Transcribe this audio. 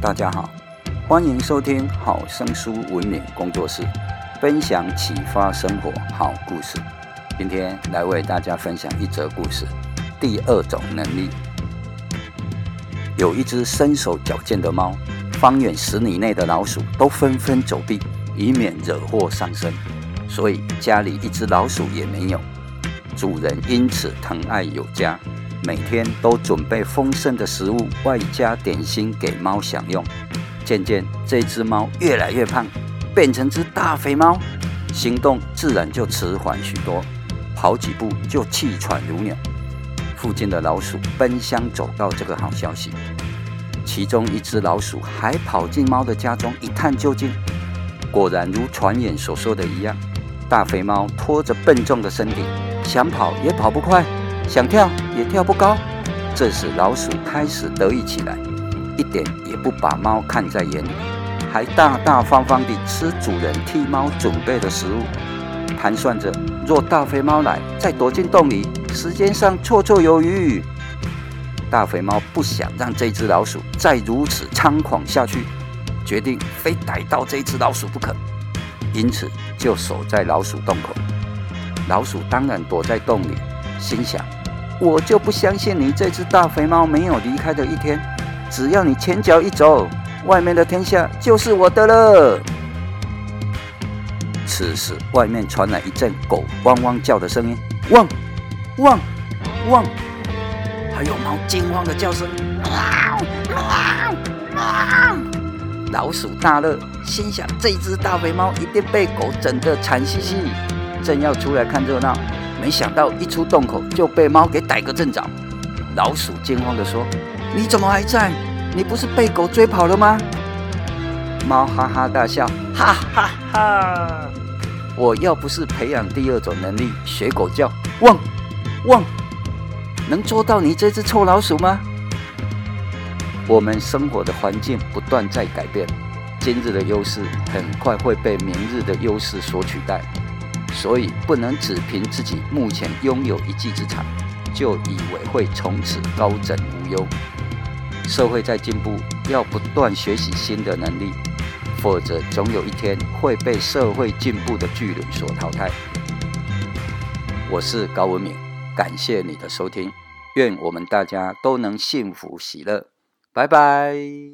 大家好，歡迎收聽好聲書文明工作室分享啟發生活好故事。今天來為大家分享一則故事。第二種能力，有一只身手矯健的貓，方圓十裡內的老鼠都紛紛走避，以免惹禍上身。所以家裡一只老鼠也沒有，主人因此疼愛有加。每天都準備豐盛的食物，外加點心給貓享用。漸漸，這只貓越來越胖，變成只大肥貓，行動自然就遲緩許多，跑幾步就氣喘如牛。附近的老鼠奔相走告這個好消息，其中一只老鼠還跑進貓的家中一探究竟。果然，如傳言所說的一樣，大肥貓拖着笨重的身體，想跑也跑不快。想跳也跳不高，這時老鼠開始得意起來，一點也不把貓看在眼裡，還大大方方地吃主人替貓準備的食物，盤算着若大肥貓來，再躲進洞裡，時間上綽綽有餘。大肥貓不想讓這隻老鼠再如此猖狂下去，決定非逮到這隻老鼠不可，因此就守在老鼠洞口。老鼠當然躲在洞裡，心想。我就不相信你這隻大肥貓沒有離開的一天，只要你前腳一走，外面的天下就是我的了。此時，外面傳來一陣狗汪汪叫的聲音，汪，汪，汪，還有貓驚慌的叫聲，喵，喵，喵。老鼠大樂，心想這隻大肥貓一定被狗整得慘兮兮，正要出來看熱鬧。沒想到一出洞口就被貓給逮個正着，老鼠驚慌地說：“你怎麼還在？你不是被狗追跑了嗎？”貓哈哈大笑：“哈哈哈哈！我要不是培養第二種能力，學狗叫，汪，汪，能捉到你這隻臭老鼠嗎？”我們生活的環境不斷在改變，今日的優勢很快會被明日的優勢所取代。所以不能只憑自己目前擁有一技之長，就以為會從此高枕無憂。社會在進步，要不斷學習新的能力，否則總有一天會被社會進步的巨人所淘汰。我是高文明，感謝你的收聽，願我們大家都能幸福喜樂。拜拜。